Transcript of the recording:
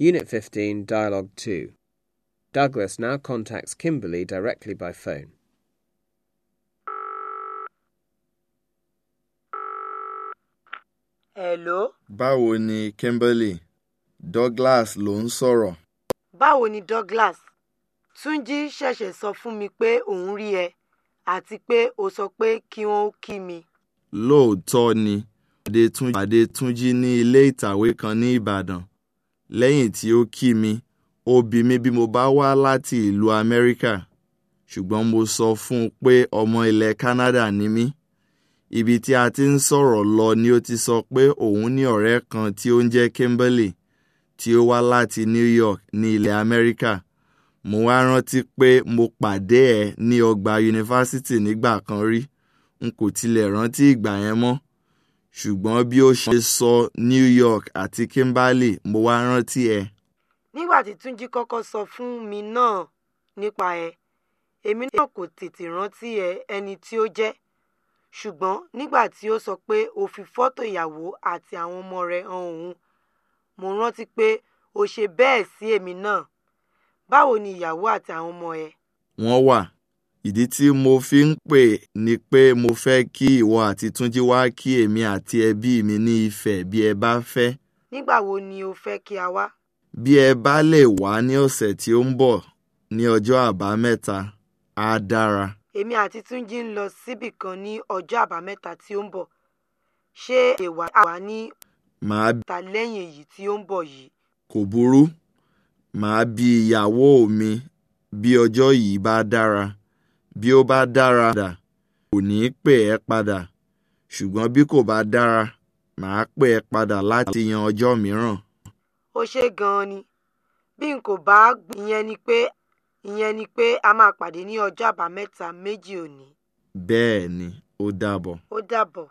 Unit 15, Dialogue 2. Douglas now contacts Kimberly directly by phone. Hello? Báwo ni Kimberly? Douglas ló ń sọ̀rọ̀. Báwo ni Douglas? Túnjí ṣẹ̀ṣẹ̀ sọ fún mi pé òun rí ẹ àti pé o sọ pé kí wọ́n kí mi. Lóòótọ́ ni, pàdé Túnjí ní ilé ìtàwé kan ní Ìbàdàn lẹ́yìn tí ó kí mi ó bi mí bí mo bá wá láti ìlú amẹ́ríkà ṣùgbọ́n mo sọ fún un pé ọmọ ilẹ̀ canada ni mí ibi tí a ti ń sọ̀rọ̀ lọ ni ó ti sọ pé òun ní ọ̀rẹ́ kan tí ó ń jẹ́ kimberley tí ó wá láti new york ní ilẹ̀ amẹ́ríkà mo wá rántí pé mo pàdé ẹ̀ ní ọgbà yunifásitì nígbà kan rí n kò tilẹ̀ rántí ìgbà yẹn mọ́ ṣùgbọ́n bí ó ṣe sọ New York àti Kimberley mo wá rántí ẹ. nígbà tí Túnjí kọ́kọ́ sọ fún mi náà nípa ẹ èmi náà kò tètè rántí ẹ ẹni tí ó jẹ́ ṣùgbọ́n nígbà tí ó sọ pé o fi fọ́tò ìyàwó àti àwọn ọmọ rẹ hàn òun mo rántí pé o ṣe bẹ́ẹ̀ sí èmi náà báwo ni ìyàwó àti àwọn ọmọ ẹ. wọ́n wà ìdí tí mo fi ń pè ni pé mo fẹ́ kí ìwọ àti túnjí wá kí èmi àti ẹbí mi ní ifẹ̀ bí ẹ bá fẹ́. nígbà wo ni o fẹ́ kí a wá. bí ẹ bá lè wá ní ọ̀sẹ̀ tí ó ń bọ̀ ní ọjọ́ àbámẹ́ta á dára. èmi àti túnjí ń lọ síbì kan ní ọjọ́ àbámẹ́ta tí ó ń bọ̀ ṣé èèwà wà ní. màá ta lẹ́yìn èyí tí ó ń bọ̀ yìí. kò burú màá bi ìyàwó mi bí ọjọ́ yìí bá dára bí ó bá dára kò ní pè ẹ́ padà ṣùgbọ́n bí kò bá dára màá pè ẹ́ padà láti yan ọjọ́ mìíràn. ó ṣe gan-an ni bí n kò bá gbọ́ ìyẹn ni pé ìyẹn ni pé a máa pàdé ní ọjọ́ àbámẹ́ta méjì òní. bẹ́ẹ̀ ni ó dàbọ̀. ó dàbọ̀.